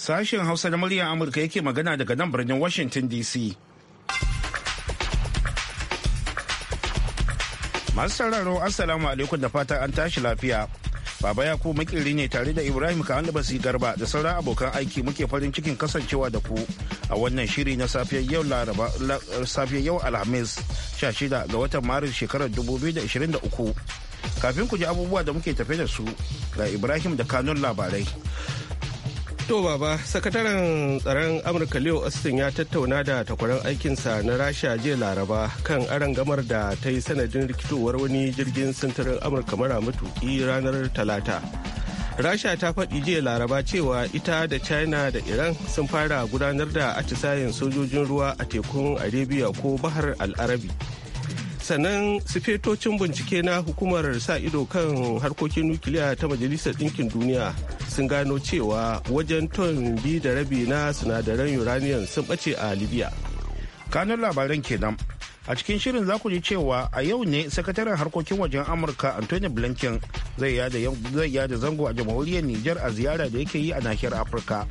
Sashen Hausa na muryar Amurka yake magana daga nan birnin Washington DC. Masu sauraro, Assalamu alaikum da fata an tashi lafiya. Baba ya ku makirri ne tare da Ibrahim Kahan da Basi Garba da sauran abokan aiki muke farin cikin kasancewa da ku a wannan shiri na safiyar yau Laraba safiyar yau Alhamis 16 ga watan Maris shekarar 2023. Kafin ku ji abubuwa da muke tafe da su ga Ibrahim da kanun labarai. To baba, sakataren tsaron Amurka Leo Austin ya tattauna da takwaran aikinsa na Rasha jiya Laraba kan gamar da ta yi sanadin rikitowar wani jirgin sintirin Amurka mara matuki ranar Talata. Rasha ta faɗi jiya Laraba cewa ita da China da Iran sun fara gudanar da atisayen sojojin ruwa a tekun Arabia ko Bahar Al'arabi. sannan sifetocin bincike na hukumar sa ido kan harkokin nukiliya ta majalisar ɗinkin duniya sun gano cewa wajen ton bi da rabi na sinadaran uranium sun bace a libya kanun labaran kenan a cikin shirin za ku ji cewa a yau ne sakataren harkokin wajen amurka anthony blinken zai yada zango a jamhuriyar niger a ziyara da yake yi a nahiyar afirka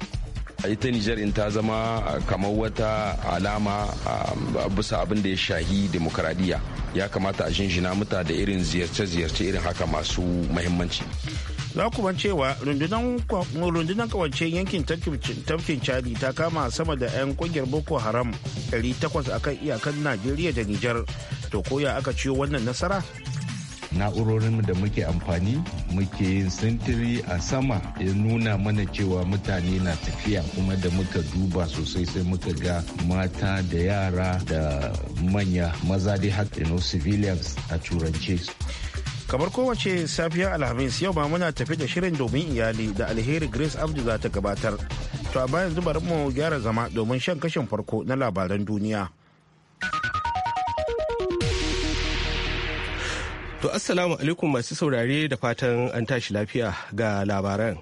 ita Nijar in ta zama kamar wata alama bisa abin da ya shahi demokradiyya ya kamata a shinshina muta da irin ziyarce-ziyarce irin haka masu mahimmanci. za ku kuma cewa rundunar kawancen yankin tafkin chadi ta kama sama da 'yan kungiyar boko haram 800 akan iyakar najeriya da nijar to koya aka ciyo wannan nasara na'urorin da muke amfani muke yin sintiri a sama ya nuna mana cewa mutane na tafiya kuma da muka duba sosai sai muka ga mata da yara da manya maza dai haka civilians a turance kamar kowace safiyar alhamis yau ba muna tafi da shirin domin iyali da alheri grace abdu za ta gabatar to a bayan zubar mu gyara zama domin shan kashin farko na labaran duniya to assalamu alaikum masu saurare da fatan an tashi lafiya ga labaran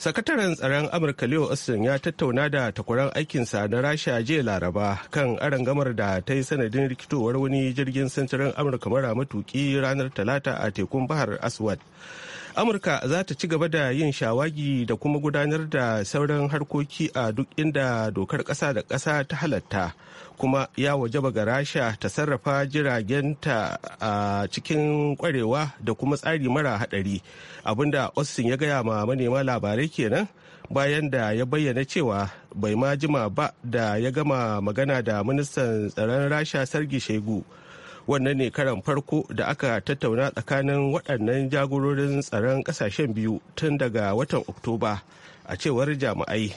sakataren tsaron amurka leo austin ya tattauna da takwaran aikinsa na rasha jiya laraba kan arangamar da ta yi sanadin rikitowar wani jirgin sintirin amurka mara matuki ranar talata a tekun bahar aswad amurka za ta ci gaba da yin shawagi da kuma gudanar da sauran harkoki a duk inda dokar kasa da kasa ta halatta kuma ya wajaba ga rasha ta sarrafa jiragen ta a cikin kwarewa da kuma tsari mara hadari abinda austin ya gaya ma manema labarai kenan bayan da ya bayyana cewa bai ma jima ba da ya gama magana da ministan tsaron rasha sargi shegu wannan ne karan farko da aka tattauna tsakanin waɗannan jagororin tsaron ƙasashen biyu tun daga watan oktoba a cewar jami'ai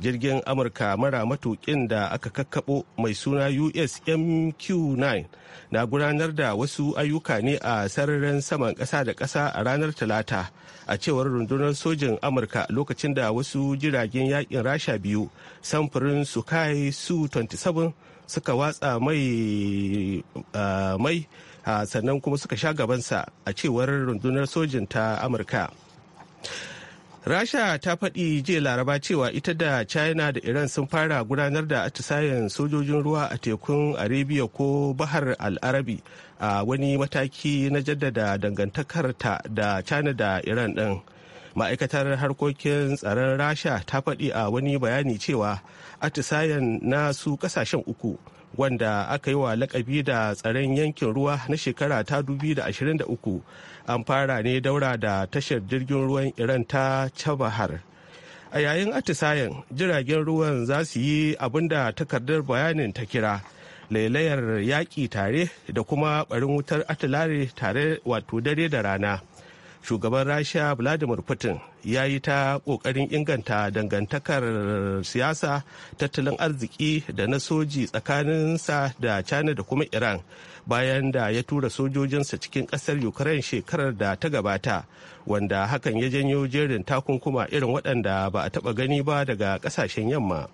jirgin amurka mara matukin da aka kakkabo mai suna usmq9 na gudanar da wasu ayyuka ne a sararin saman ƙasa da ƙasa a ranar talata a cewar rundunar sojin amurka lokacin da wasu jiragen yakin rasha biyu samfurin kai su-27 suka watsa mai ah, mai ah, sannan kuma suka sha gabansa a cewar rundunar sojin ta amurka rasha ta faɗi jiya laraba cewa ita da china da iran sun fara gudanar da atisayen sojojin ruwa a tekun arabia ko bahar al'arabi a wani mataki na jaddada dangantakarta da china da iran ɗin ma'aikatar harkokin tsaron rasha ta faɗi a wani bayani cewa atisayen na su ƙasashen uku wanda aka yi wa lakabi da tsaron yankin ruwa na shekara ta 2023 an fara ne daura da tashar jirgin ruwan iran ta chabahar a yayin atisayen jiragen ruwan za su yi abin da takardar bayanin ta kira lailayar yaƙi tare da kuma ɓarin wutar atilare tare wato dare da rana shugaban rasha vladimir putin ya yi ta kokarin inganta dangantakar siyasa tattalin arziki da na soji tsakanin sa da china da kuma iran bayan da ya tura sojojinsa cikin kasar ukraine shekarar da ta gabata wanda hakan ya janyo jerin takunkuma irin waɗanda ba a taɓa gani ba daga ƙasashen yamma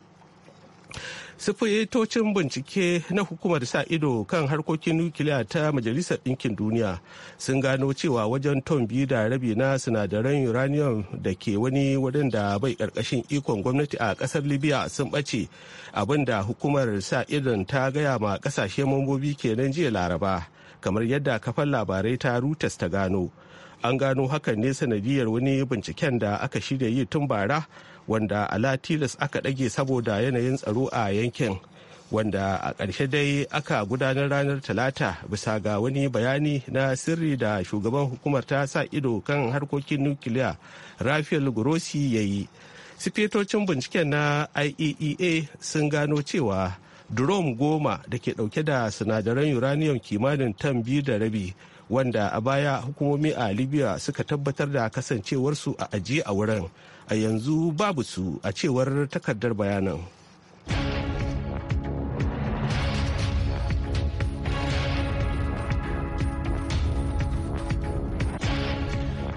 sifitocin bincike na hukumar sa ido kan harkokin nukiliya ta majalisar ɗinkin duniya sun gano cewa wajen ton biyu da rabi na sinadaran uranium da ke wani wurin da bai ƙarƙashin ikon gwamnati a ƙasar libya sun ɓace abinda hukumar sa idon ta gaya ma ƙasashe mambobi kenan jiya laraba kamar yadda kafan labarai ta rutas ta gano an gano hakan ne sanadiyar wani binciken da aka shirya yi tun bara wanda ala tilas aka ɗage saboda yanayin tsaro a yankin wanda a ƙarshe dai aka gudanar ranar talata bisa ga wani bayani na sirri da shugaban hukumar ta sa ido kan harkokin nukiliya rafael grossi ya yi sifetocin binciken na iaea e sun gano cewa drone goma da ke dauke da sinadaran uranium kimanin tan biyu da rabi wanda a baya hukumomi a libya suka tabbatar da kasancewarsu a ajiye a wurin a yanzu babu su a cewar takardar bayanan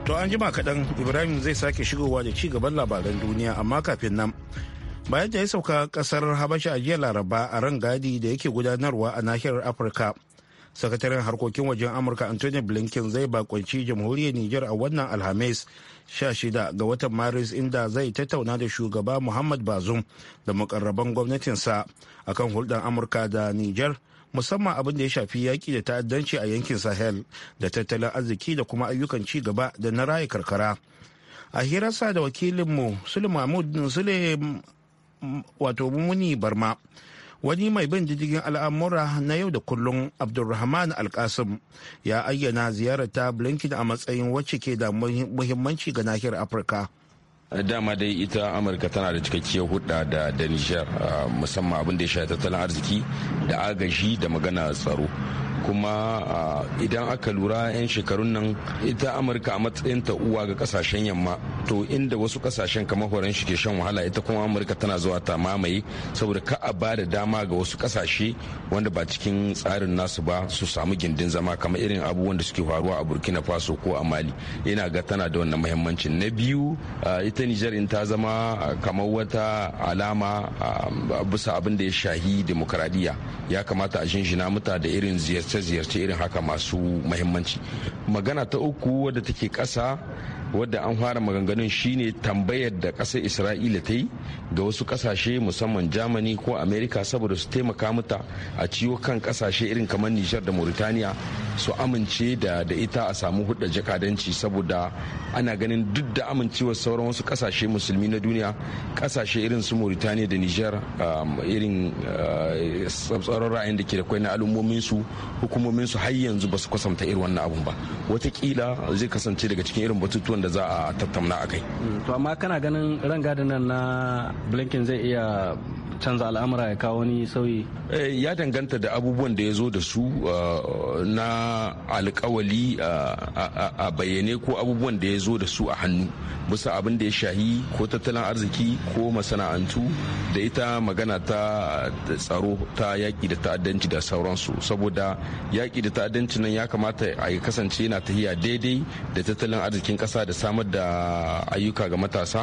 To an jima kaɗan Ibrahim zai sake shigowa da ci gaban labaran duniya amma kafin nan bayan da ya sauka kasar habasha a jiya laraba a rangadi da yake gudanarwa a nahiyar afirka sakataren harkokin wajen amurka anthony blinken zai bakunci jamhuriyar niger a wannan alhamis 16 ga watan maris inda zai tattauna da shugaba muhammad bazum da makarraban gwamnatinsa akan hulɗar amurka da niger musamman abin da ya shafi yaƙi da ta'addanci a yankin sahel da tattalin arziki da kuma ayyukan ci gaba da na raya karkara a hirarsa da wakilinmu sule wato muni barma wani mai bin diddigin al'amura na yau da kullum abdulrahman alkasim ya ayyana ziyarar ta blinken a matsayin wacce ke da muhimmanci ga nahiyar afirka dama dai ita amurka tana da cikakkiyar hudda da da nijar musamman abin da ya shafi tattalin arziki da agaji da magana tsaro kuma idan aka lura 'yan shekarun nan ita amurka a matsayin ta uwa ga kasashen yamma to inda wasu kasashen kamar horon shi ke shan wahala ita kuma amurka tana zuwa ta mamaye saboda ka a ba da dama ga wasu kasashe wanda ba cikin tsarin nasu ba su samu gindin zama kamar irin abubuwan da suke faruwa a burkina faso ko a mali ina ga tana da wannan muhimmanci na biyu ita nijar in ta zama kamar wata alama bisa abin da ya shahi demokradiyya ya kamata a shinshina muta da irin ziyarci ziyarce irin haka masu mahimmanci magana ta uku wadda take ƙasa wadda an fara maganganun shine tambayar da kasar isra'ila ta yi ga wasu kasashe musamman germany ko america saboda su taimaka mata a ciwo kan kasashe irin kamar nijar da mauritania su amince da da ita a samu hudda jakadanci saboda ana ganin duk da amincewar sauran wasu ƙasashe musulmi na duniya kasashe irin su mauritania da nijar um, irin uh, tsatsarar ra'ayin da ke da kwai na al'ummominsu hukumominsu har yanzu ba su kwasamta irin wannan abun ba watakila zai kasance daga cikin irin batutuwan da za a tattauna a kai to amma kana ganin rangadin nan na blinken zai iya canza al'amura ya kawo wani sauyi eh, ya danganta da abubuwan da ya zo da su uh, na alkawali uh, a bayyane ko abubuwan da ya zo da su a hannu bisa abin da ya shahi ko tattalin arziki ko masana'antu da ita magana ta tsaro ta yaƙi da ta'addanci da sauransu saboda yaƙi da ta'addanci nan ya kamata a kasance yana tahiya daidai da tattalin arzikin ƙasa da samar da ayyuka ga matasa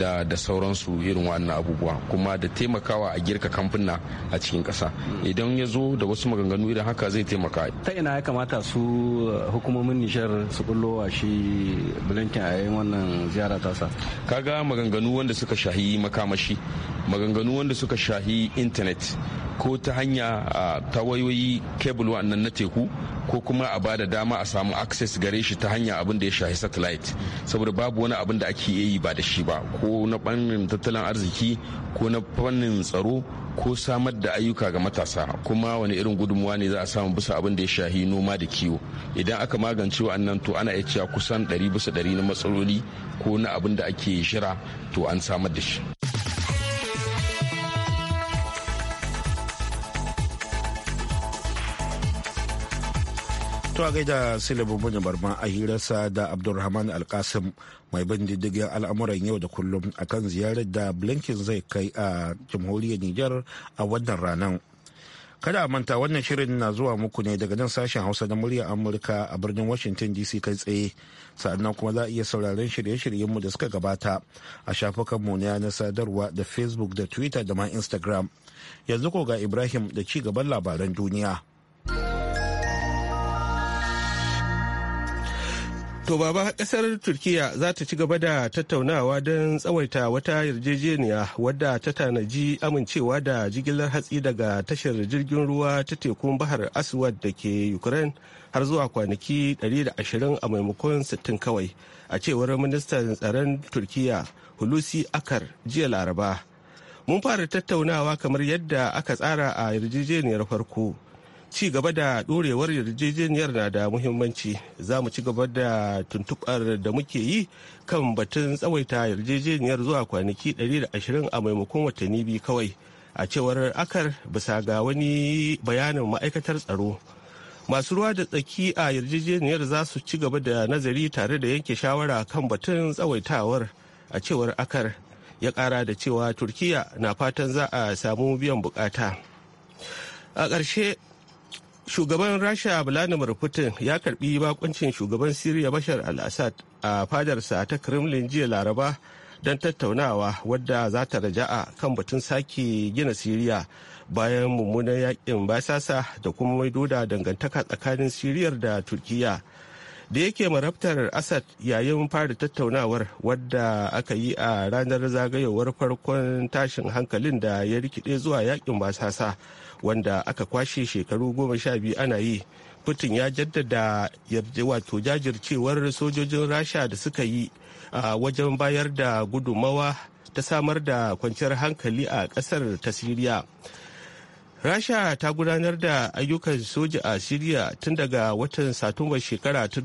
da sauransu irin wannan abubuwa kuma da taimaka taimakawa a girka kamfuna a cikin kasa idan ya zo da wasu maganganu idan haka zai taimaka ta ina ya kamata su uh, hukumomin nijar su bullo shi blinken a wannan ziyara ta tasa kaga maganganu wanda suka shahi makamashi maganganu wanda suka shahi intanet ko ta hanya uh, ta wayoyi kebul wa'annan na teku ko kuma a bada dama a samu access gare shi ta hanya abin da ya shafi satellite saboda babu wani abin da ake yi ba da shi ba ko na fannin tattalin arziki ko na fannin tsaro ko samar da ayyuka ga matasa kuma wani irin gudunmuwa ne za a samu bisa abin da ya shahi noma da kiwo idan aka magance wa'annan to ana iya cewa kusan 100 bisa 100 na matsaloli ko na abin da ake shira to an samar da shi. To a gaida da Bunyi Barma a hirarsa da Abdulrahman Alkasim mai bin diddigin al'amuran yau da kullum akan ziyarar da Blinken zai kai a jamhuriyar Nijar a wannan ranar. Kada a manta wannan shirin na zuwa muku ne daga nan sashen Hausa na muryar Amurka a birnin Washington DC kai tsaye. Sa'annan kuma za a iya sauraron shirye-shiryenmu da suka gabata a mu na yanar sadarwa da Facebook da Twitter da ma Instagram. Yanzu ko ga Ibrahim da ci gaban labaran duniya. To baba kasar Turkiya za ta ci gaba da tattaunawa don tsawaita wata yarjejeniya wadda ta tanaji amincewa da jigilar hatsi daga tashar jirgin ruwa ta tekun bahar Aswad da ke Ukraine har zuwa kwanaki 120 a maimakon 60 kawai a cewar ministan tsaron Turkiya Hulusi Akar jiya Laraba. Mun fara tattaunawa kamar yadda aka tsara a yarjejeniyar farko. ci gaba da ɗorewar yarjejeniyar na da muhimmanci za mu ci gaba da tuntuɓar da muke yi kan batun tsawaita yarjejeniyar zuwa kwanaki 120 a maimakon watanni biyu kawai a cewar akar bisa ga wani bayanin ma'aikatar tsaro masu ruwa da tsaki a yarjejeniyar za su ci gaba da nazari tare da yanke shawara kan batun tsawaitawar a cewar akar ya kara da cewa turkiya na fatan za a samu biyan bukata a ƙarshe shugaban rasha vladimir putin ya karbi bakuncin shugaban siriya bashar al-assad a fadarsa ta kremlin jiya laraba don tattaunawa wadda za ta raja'a kan batun sake gina siriya bayan mummunan yakin basasa da kuma maido da dangantaka tsakanin siriyar da turkiya da yake marabtar assad yayin fara tattaunawar wadda aka yi a ranar zagayowar farkon tashin hankalin da ya rikide zuwa yakin basasa wanda aka kwashe shekaru goma sha biyu ana yi putin ya jaddada wato jajircewar sojojin rasha da suka yi a wajen bayar da gudumawa ta samar da kwanciyar hankali a kasar ta siriya rasha ta gudanar da ayyukan soja a siriya tun daga watan satumba shekara ta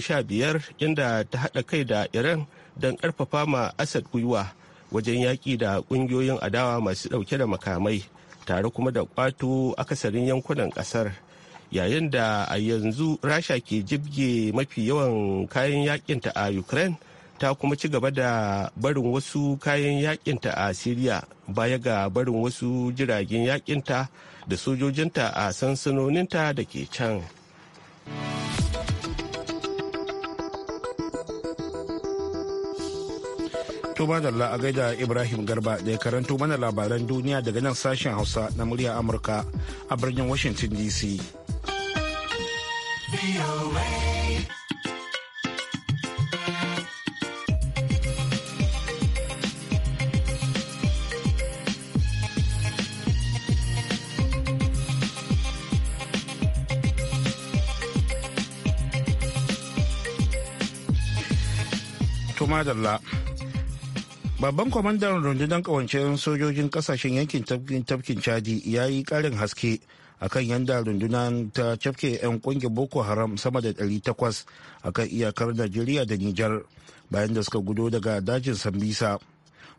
sha biyar inda ta hada kai da iran don karfafa ma asad gwiwa wajen yaƙi da ƙungiyoyin adawa masu ɗauke da makamai tare kuma da kwato akasarin yankunan kasar yayin da a yanzu rasha ke jibge mafi yawan kayan yakinta a ukraine ta kuma ci gaba da barin wasu kayan yakinta a syria baya ga barin wasu jiragen yakinta da sojojinta a sansanoninta da ke can. To la a gaida Ibrahim Garba da ya karanto mana labaran duniya daga nan sashen Hausa na murya Amurka a birnin Washington DC. da la. Babban kwamandan rundunar kawancen sojojin kasashen yankin tafkin Chadi ya yi karin haske akan yanda rundunar ta cafke 'yan kungiyar Boko Haram sama da 800 a kan iyakar Najeriya da Nijar bayan da suka gudo daga dajin Sambisa.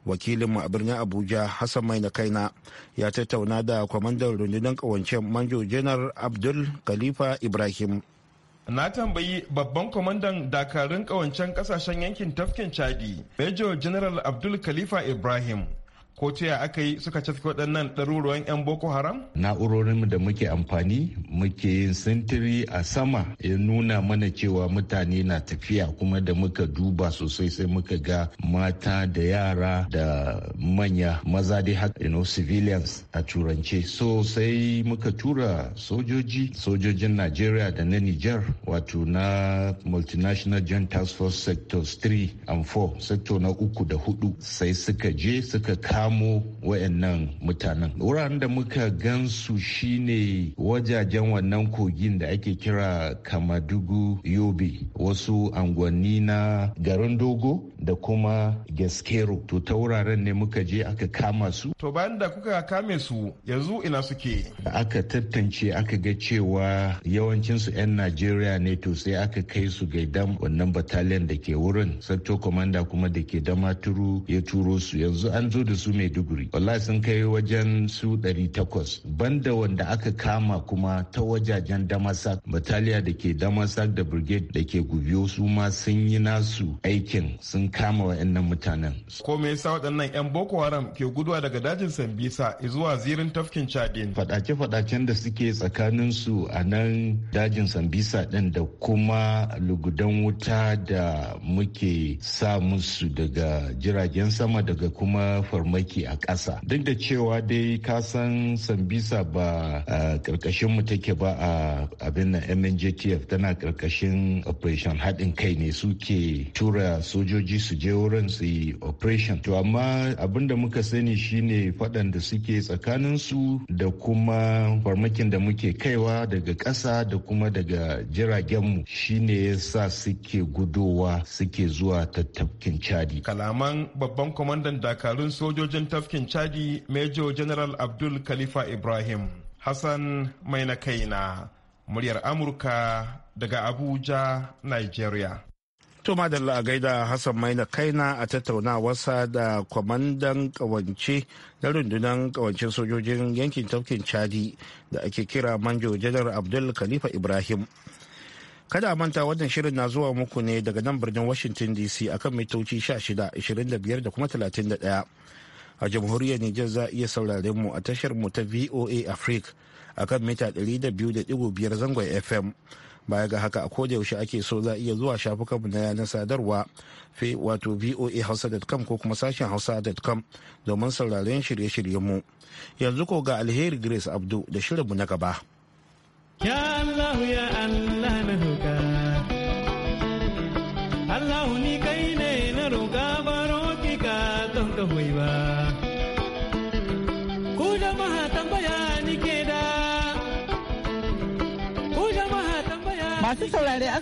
Wakilinmu a birnin Abuja Hassan Mai na kaina ya tattauna da kwamandan rundunar kawancen Manjo Janar Abdul Khalifa Ibrahim. na tambayi babban kwamandan dakarun kawancen kasashen yankin tafkin chadi major general abdul khalifa ibrahim ko ce aka yi suka ci waɗannan ɗaruruwan 'yan boko haram? na'urorin da muke amfani muke yin sintiri a sama ya nuna mana cewa mutane na tafiya kuma da muka duba sosai sai muka ga mata da yara da manya maza dai haka you know, civilians a turance sosai muka tura sojoji sojojin nigeria da na niger wato na multinational joint task force sectors 3 and 4 sector na uku da hudu sai suka je suka kawo kamo wayannan mutanen wuraren da muka gan su shine wajajen wannan kogin da ake kira kamadugu yobe wasu angwanni na garin dogo da kuma gaskero to ta wuraren ne muka je aka kama su to bayan da kuka kame su yanzu ina suke aka tantance aka ga cewa yawancinsu 'yan najeriya ne to sai aka kai su gaidan wannan bataliyan da ke wurin sector commander kuma da ke damaturu ya turo su yanzu an zo da su maiduguri wallahi sun kai wajen su 800 banda wanda aka kama kuma ta wajajen damasak bataliya da ke damasak da brigade da ke gubiyo su ma sun yi nasu aikin sun kama wa'annan mutanen ko me yasa waɗannan 'yan boko haram ke guduwa daga dajin sambisa zuwa zirin tafkin chadin fadace-fadacen da suke tsakanin su a nan dajin sambisa ɗin da kuma lugudan wuta da muke sa musu daga jiragen sama daga kuma farmaki mamaki a ƙasa duk da cewa dai ka san sambisa ba ƙarƙashin mu take ba a abin nan mnjtf tana ƙarƙashin operation haɗin kai ne suke tura sojoji su je wurin su yi operation to amma abin da muka sani shine faɗan da suke tsakanin su da kuma farmakin da muke kaiwa daga ƙasa da kuma daga jiragen mu shine ya sa suke gudowa suke zuwa tattakin chadi kalaman babban kwamandan dakarun sojoji sojojin tafkin chadi major general abdul khalifa ibrahim hassan mai na kaina muryar amurka daga abuja nigeria toma da a gaida hassan maina kaina a tattaunawarsa da kwamandan kawance na rundunar kawancin sojojin yankin tafkin chadi da ake kira manjo janar abdul khalifa ibrahim kada manta wannan shirin na zuwa muku ne daga nan birnin washington dc akan mitoci 16 25 da kuma 31 a jamhuriyar Nijar za a iya saurare mu a tashar mu ta VOA Africa a kan mita 200.5 zangon FM. Baya ga haka a koda yaushe ake so za a iya zuwa shafukanmu na yanar sadarwa fe wato hausa.com ko kuma sashen hausa.com domin sauraren shirye-shiryen mu. Yanzu ko ga alheri Grace Abdu da shirinmu na gaba. Ya Allah ya Allah na Allah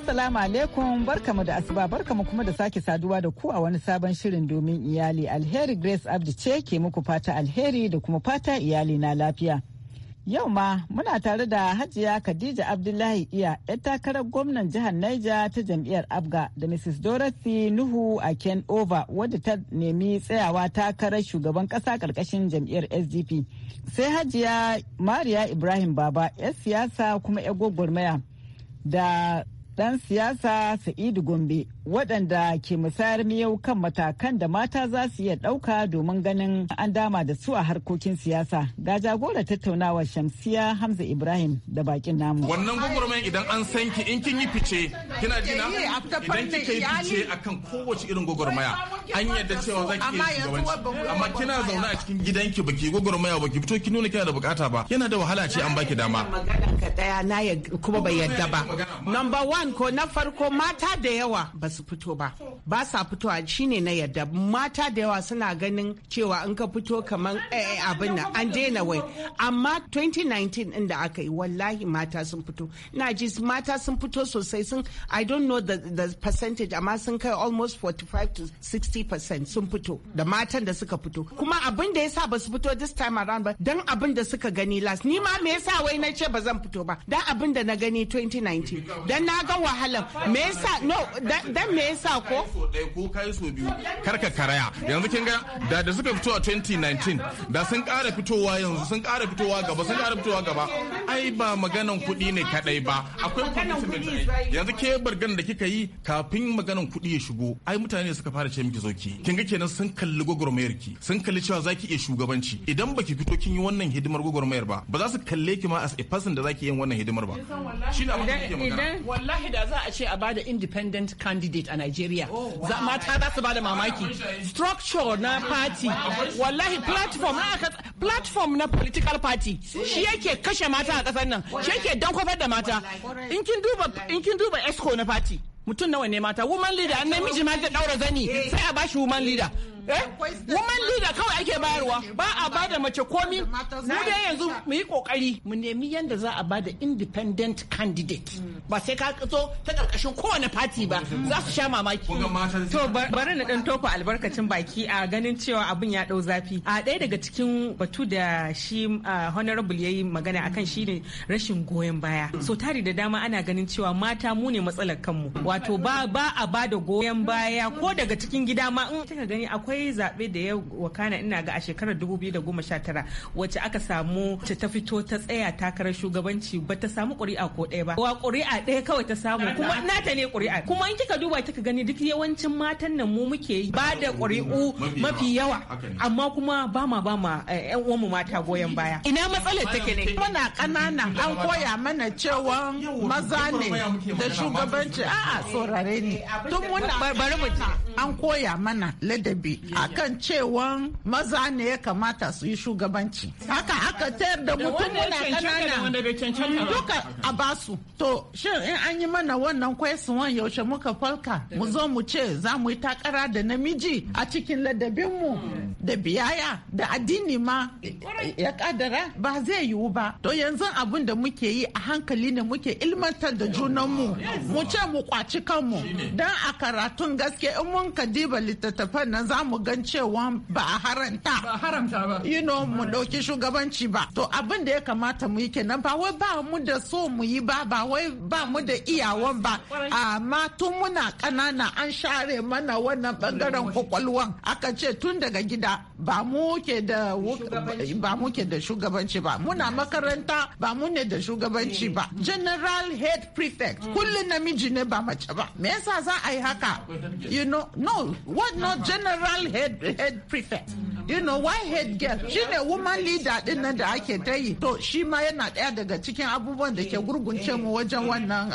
Assalamu alaikum barkamu da asuba barkamu kuma da sake saduwa da ku a wani sabon shirin domin iyali alheri Grace Abdi ce ke muku fata alheri da kuma fata iyali na lafiya. Yau ma muna tare da Hajiya Khadija Abdullahi Iya 'yar takarar gwamnan jihar Niger ta jam'iyyar Abga da Mrs. Dorothy Nuhu a Ken Over wadda ta nemi tsayawa takarar shugaban kasa karkashin jam'iyyar SDP. Sai Hajiya Mariya Ibrahim Baba 'yar siyasa kuma 'yar gwagwarmaya da ɗan siyasa Sa'idu Gombe waɗanda ke musayar miyau kan matakan da mata za su iya ɗauka domin ganin an dama da su a harkokin siyasa ga jagora tattaunawa shamsiya hamza ibrahim da bakin namu wannan gwamnati idan an san ki in kin yi fice kina na eh, idan kike yi fice akan kowace irin gwamnati an yadda cewa za ki yi shugabanci amma kina zaune a cikin gidanki gwamnati ba ki fito ki nuna kina da bukata ba yana da wahala ce an baki dama magana ka daya na kuma bai yadda ba number one ko na farko mata da yawa ba su fito ba ba sa fitowa shine na yadda mata da yawa suna ganin cewa in ka fito kamar eh, eh, abin nan an daina wai amma 2019 din da aka yi wallahi mata sun fito na ji mata sun fito sosai sun i don't know the, the percentage amma sun kai almost 45 to 60 percent sun fito da matan da suka fito kuma abin da ya sa ba su fito this time around ba don abin da suka gani last ni ma me yasa wai na ce ba zan fito ba dan abin da na gani 2019 dan na ga wahala me yasa no dan me yasa ko ko kai so biyu kar karaya yanzu kin ga da da suka fito a 2019 da sun ƙara fitowa yanzu sun ƙara fitowa gaba sun ƙara fitowa gaba ai ba maganan kuɗi ne kadai ba akwai yanzu ke bargan da kika yi kafin maganan kuɗi ya shigo ai mutane suka fara ce miki zoki kin ga kenan sun kalli gwagwarmayar ki sun kalli cewa zaki iya shugabanci idan baki fito kin yi wannan hidimar gwagwarmayar ba ba za su kalle ki ma as a person da zaki yin wannan hidimar ba shi ne abin da kike magana wallahi da za a ce a bada independent candidate a Nigeria oh, za mata za su bada mamaki structure na party wallahi platform platform na political party shi yake kashe mata kasar nan shi yake dan kofar da mata in kin duba in kin duba esco na party mutum nawa ne mata woman leader an namiji ma ta daura zani eh. sai a bashi woman leader Eh? woman leader kawai ake bayarwa ba a bada mace komi mu dai yanzu mu yi kokari mu nemi yanda za a bada independent candidate hmm. ba sai ka zo ta karkashin kowane party ba za su sha mamaki to bari na dan tofa albarkacin baki a ganin cewa abin ya dau zafi a ɗaya daga cikin batu da shi honorable yayi magana akan shine rashin goyon baya so tari da dama ana ganin cewa mata mu ne matsalar kanmu wato ba ba a bada goyon baya ko daga cikin gida ma in kika gani akwai akwai zaɓe da ya wakana ina ga a shekarar 2019 wacce aka samu ta ta fito ta tsaya takarar shugabanci ba ta samu ƙuri'a ko ɗaya ba. Wa ƙuri'a ɗaya kawai ta samu kuma nata ne ƙuri'a. Kuma in kika duba kika gani duk yawancin matan nan mu muke ba da ƙuri'u mafi yawa amma kuma ba ma ba ma ƴan uwanmu mata goyon baya. Ina matsalar take ne. Muna ƙanana an koya mana cewa maza ne da shugabanci a'a saurare ne. Tun muna bari mu an koya mana ladabi a kan cewan maza ne ya kamata su yi shugabanci haka aka tayar da mutum muna kanana duka a basu to shin in an yi mana wannan kwesuwan yaushe muka falka mu zo mu ce za mu yi takara da namiji a cikin ladabinmu da biyaya da addini ma ya kadara ba zai yiwu ba to yanzu abin da muke yi a hankali ne muke ilmantar da junanmu mu ce mu kwaci kanmu don a karatun gaske in mun ka diba littattafan nan za mu mu gan cewa ba a haranta ba haramta ba you know mu dauki shugabanci ba to abin da ya kamata mu yi kenan ba wai ba mu da so mu yi ba ba wai ba mu da iyawan ba amma tun muna kanana an share mana wannan bangaren kwakwalwan aka ce tun daga gida ba mu ke da ba mu ke da shugabanci ba muna makaranta ba mu ne da shugabanci ba mm. general head prefect mm. kullum namiji ne ba mace ba me yasa za a yi haka you know no what not general female head head prefect you know why head girl shine woman leader din nan da ake ta yi to shi ma yana daya daga cikin abubuwan da ke gurgunce mu wajen wannan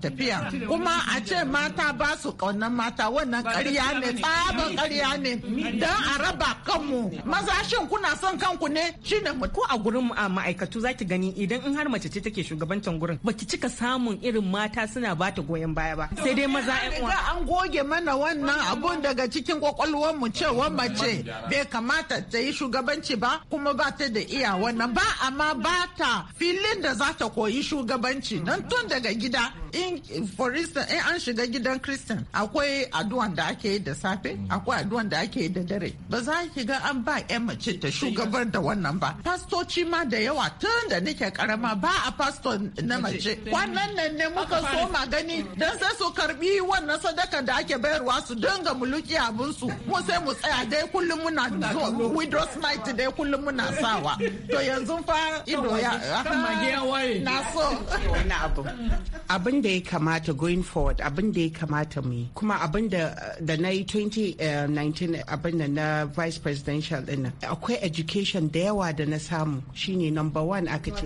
tafiya kuma a ce mata ba su kaunan mata wannan ƙarya ne tsaban ƙarya ne don a raba kanmu maza shin kuna son kanku ne shine ko a gurin ma'aikatu zaki gani idan in har mace ce take shugabantan gurin baki cika samun irin mata suna bata goyon baya ba sai dai maza yan uwa an goge mana wannan abun daga cikin kwakwalwar mu cewa mace bai kamata ta yi shugabanci ba kuma ba ta da iya wannan ba amma ba ta filin da za ta koyi shugabanci nan tun daga gida in for instance in an shiga gidan christian akwai aduwan da ake yi da safe akwai aduwan da ake yi da dare ba za ki ga an ba yan mace ta shugabar da wannan ba pastoci ma da yawa tun da nake karama ba a pastor na mace kwanan nan ne muka so magani don sai su karbi wannan sadaka da ake bayarwa su dinga muluki abin su mu sai mu tsaya dai kullum muna widow smite dai kullum muna sawa to yanzu fa ido ya na so abin da ya kamata going forward abin da ya kamata mu yi kuma abin da da na yi 2019 eh, abin da na vice presidential din akwai education da yawa da na samu shine number one aka ce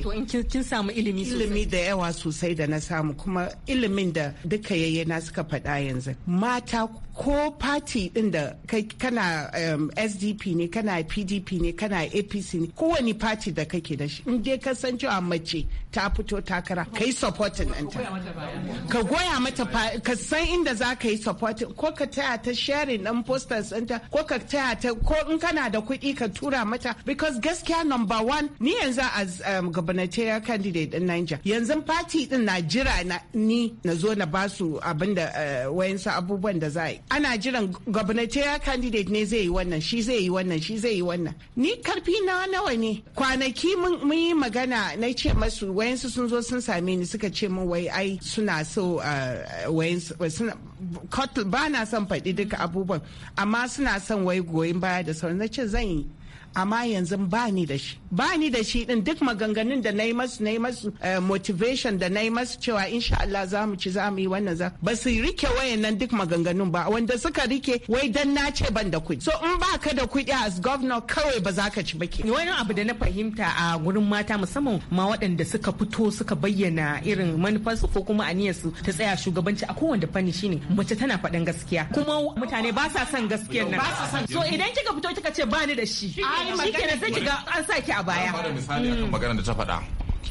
kin samu ilimi ilimi da yawa sosai da na samu kuma ilimin da duka na suka faɗa yanzu mata ko party din da kana um, sdp ne kana pdp ne kana apc ne kowane party da kake da shi in dai ka san cewa mace ta fito takara ka yi supporting ɗinta ka goya mata ka san inda za ka yi supporting ko ka taya ta sharing ɗin posters ɗinta ko ka taya ta ko in kana da kuɗi ka tura mata because gaskiya number one ni yanzu as um, gubernatorial candidate ɗin Niger yanzu party ɗin na jira na ni na zo na ba su abin da uh, wayansu abubuwan da za a yi ana jiran gubernatorial candidate ne zai yi wannan shi zai yi wannan shi zai yi wannan ni karfi na nawa ne kwanaki mun yi magana na ce masu wayansu sun zo sun same ni suka ce min wai ai suna so uh, ba na son faɗi duka abubuwan amma suna son wai goyon baya da sauran na ce zan yi amma yanzu ba ni da shi ba ni da shi din duk maganganun da na yi masu na masu eh, motivation da na yi masu cewa insha Allah za mu ci za mu yi wannan za ba su rike wayannan duk maganganun ba wanda suka rike wai dan na ce ban da kuɗi so in ba ka da kuɗi as governor kawai ba za ka ci ba ke. wani abu da na fahimta a gurin mata musamman ma waɗanda suka fito suka bayyana irin manufarsu ko kuma aniyarsu ta tsaya shugabanci a kowanne fanni shine mace tana faɗin gaskiya kuma mutane ba sa son gaskiyar nan so idan kika fito kika ce ba ni da shi shi kenan sai kiga an sa ki a baya. Ba da misali akan maganar da ta faɗa.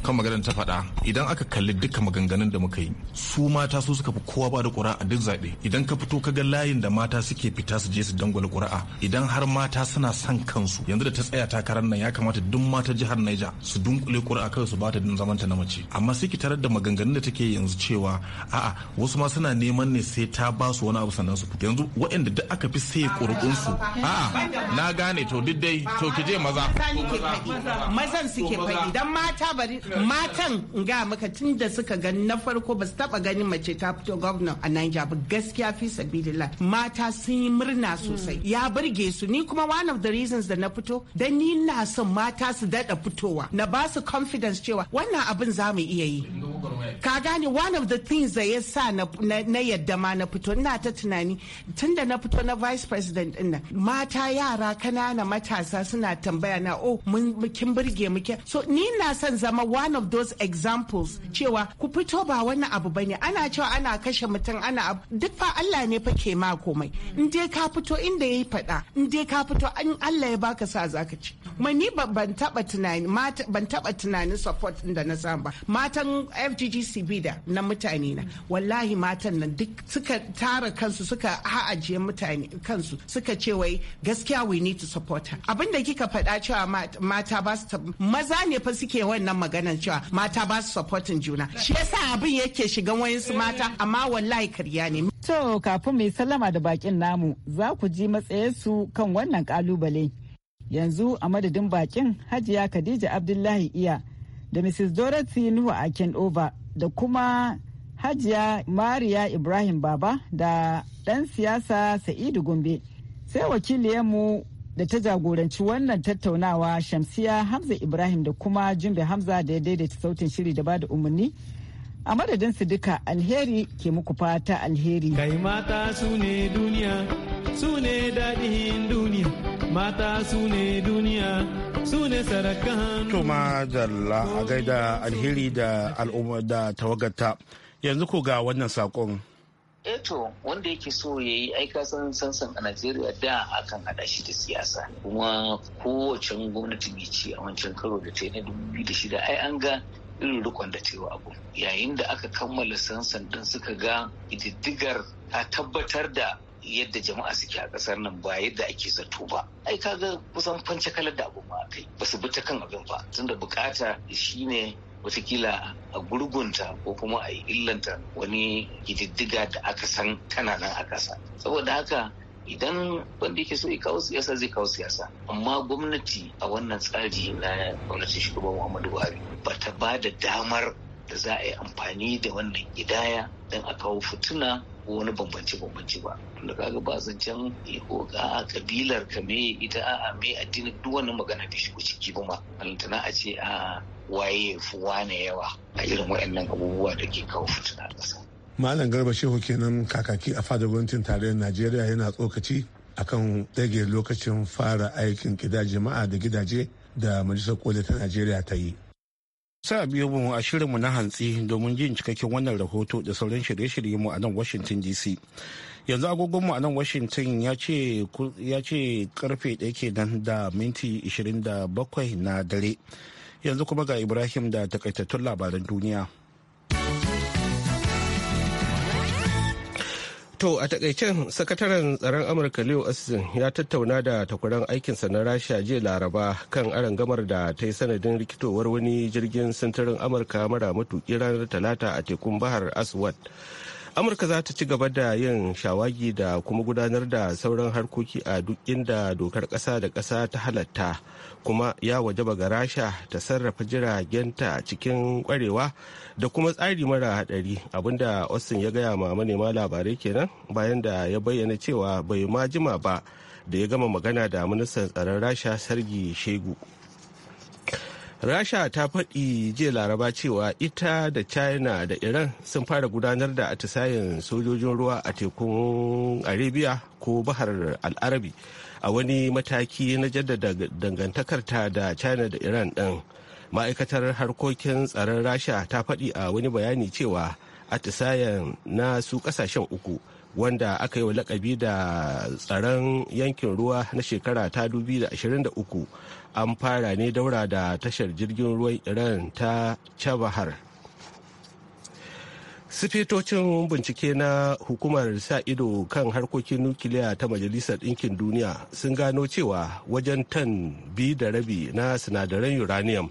kan maganar ta faɗa idan aka kalli duka maganganun da muka yi su mata su suka fi kowa ba da ƙura'a duk zaɓe idan ka fito ka ga layin da mata suke fita su je su dangwala ƙura'a idan har mata suna son kansu yanzu da ta tsaya takarar nan ya kamata duk mata jihar Niger su dunkule ƙura'a kawai su bata din zamanta na mace amma sai ki tarar da maganganun da take yanzu cewa a'a wasu ma suna neman ne sai ta ba su wani abu sannan su yanzu waɗanda duk aka fi sai ƙurƙunsu a'a na gane to duk dai to ki je maza mazan suke faɗi dan mata bari matan ga maka tun da suka gani na farko ba su taba ganin mace ta fito gwamna a Niger ba gaskiya fi sabilillah mata sun yi murna sosai ya burge su ni kuma one of the reasons da na fito dan ni na son mata su dada fitowa na ba su confidence cewa wannan abin za mu iya yi ka gane one of the things da ya sa na yadda ma na fito ina ta tunani tun da na fito na vice president din nan mata yara kanana matasa suna tambaya na oh mun kin burge muke so ni na son zama one of those examples cewa ku fito ba wani abu ba ne. ana cewa ana kashe mutum ana abu duk fa Allah ne fa ke ma komai in dai ka fito inda yayi fada in dai ka fito an Allah ya baka sa zaka ci kuma ni ban taba tunani ban taba tunanin support din da na samu ba matan FGGC da na mutane na wallahi matan nan duk suka tara kansu suka ha'ajiye mutane kansu suka ce wai gaskiya we need to support her abinda kika faɗa cewa mata ba su maza ne fa suke wannan magana maganan cewa mata ba su supportin juna shi yasa abin yake shigan wayansu mata amma wallahi karya ne to kafin mai sallama da bakin namu za ku ji matsayinsu kan wannan kalubale yanzu a madadin bakin hajiya khadija abdullahi iya da mrs dorothy nuhu akin over da kuma hajiya mariya ibrahim baba da dan siyasa sa'idu gombe sai wakiliyanmu da ta jagoranci wannan tattaunawa shamsiya hamza ibrahim da kuma jimbe hamza da ya daidaita sautin shiri da bada umarni a madadin su duka alheri ke muku fata alheri kai mata su ne duniya su ne daɗin duniya mata su ne duniya su ne sarakan ma jalla a gaida alheri da al'umma da tawagata yanzu ko ga wannan saƙon eto eh wanda yake so ya yi aika san sansan a najeriya da akan hada shi da siyasa kuma kowace gwamnati mai ci a wancan karo da ta yi na 2006 ai an ga irin rikon da wa abu yayin da aka kammala sansan din suka ga diddigar ta tabbatar da yadda jama'a suke a kasar nan ba yadda ake zato ba ai kaga kusan fance kalar da abu ma kai ba su bi ta kan abin ba tunda bukata shine watakila a gurgunta ko kuma a illanta wani gididdiga da aka san tana nan a kasa saboda haka idan wanda yake so ya kawo siyasa zai kawo siyasa amma gwamnati a wannan tsari na gwamnatin shugaban muhammadu buhari ba ta ba da damar da za a yi amfani da wannan gidaya don a kawo fituna ko wani bambance bambance ba tunda kaga ba zancen iko eh, ga kabilar ka me ita a me addini duk wannan magana bai shigo ciki ba ma alantana a ce a waye fuwa na yawa a irin waɗannan abubuwa da ke kawo fitina a ƙasa malam garba shehu kenan kakaki a fadar gwamnatin tarayyar najeriya yana tsokaci akan ɗage lokacin fara aikin gida jama'a da gidaje da majalisar koli ta najeriya ta yi sai a biyo mu a shirinmu na hantsi domin jin cikakken wannan rahoto da sauran shirye-shirye mu a nan washington dc yanzu agogonmu a nan washington ya ce karfe ɗaya nan da minti 27 na dare yanzu kuma ga ibrahim da takaitattun labaran duniya To a takaicen sakataren tsaron Amurka Leo Austin ya tattauna da takwaran aikinsa na Rasha jiya Laraba kan arangamar da ta yi sanadin rikitowar wani jirgin sintirin Amurka mara matuki ranar Talata a tekun Bahar Aswad amurka za ta ci gaba da yin shawagi da kuma gudanar da sauran harkoki a duk inda dokar ƙasa da ƙasa ta halatta kuma ya wajaba ga rasha ta sarrafa jiragenta cikin kwarewa da kuma tsari mara hadari abinda austin ya gaya ma manema labarai kenan bayan da ya bayyana cewa bai ma jima ba da ya gama magana da ministan tsaron rasha sargi shegu rasha ta faɗi jiya laraba cewa ita da china da iran sun fara gudanar da atisayen sojojin ruwa a tekun arabia ko bahar al'arabi a wani mataki na jaddada dangantakarta da china da iran ɗin ma'aikatar harkokin tsaron rasha ta faɗi a wani bayani cewa atisayen na su ƙasashen uku wanda aka yi wa lakabi da tsaron yankin ruwa na shekara ta 2023 an fara ne daura da tashar jirgin ruwan iran ta chabahar sifitocin bincike na hukumar sa ido kan harkokin nukiliya ta majalisar ɗinkin duniya sun gano cewa wajen tan bi da rabi na sinadaran uranium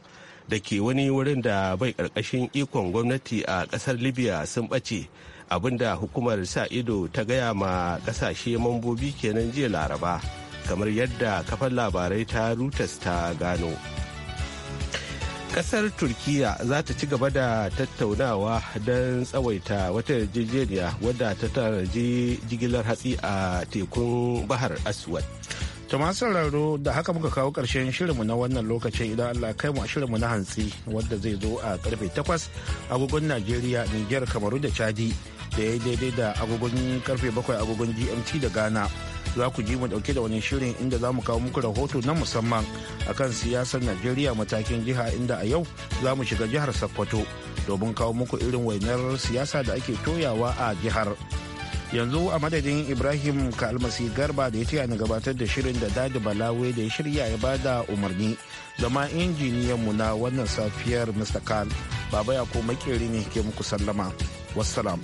da ke wani wurin da bai ƙarƙashin ikon gwamnati a ƙasar libya sun ɓace abinda hukumar sa ido ta gaya ma kasashe mambobi kenan jiya laraba kamar yadda kafar labarai ta reuters ta gano kasar turkiya za ta ci gaba da tattaunawa don tsawaita wata yarjejeniya wadda ta tarji jigilar hatsi a tekun bahar aswad To sauraro da haka muka kawo ƙarshen shirinmu na wannan lokacin idan Allah kai mu shirinmu na hantsi wadda zai zo a karfe 8 agogon Najeriya, Nijar, Kamaru da Chadi da ya daidai da agogon karfe bakwai agogon gmt da ghana za ku ji mu dauke da wani shirin inda za mu kawo muku rahoto na musamman a kan siyasar najeriya matakin jiha inda a yau za mu shiga jihar sokoto domin kawo muku irin wainar siyasa da ake toyawa a jihar yanzu a madadin ibrahim kalmasi garba da ya taya ni gabatar da shirin da dadi balawe da ya shirya ya bada umarni zama injiniyan mu na wannan safiyar mr khan baba ya ko makeri ne ke muku sallama wassalam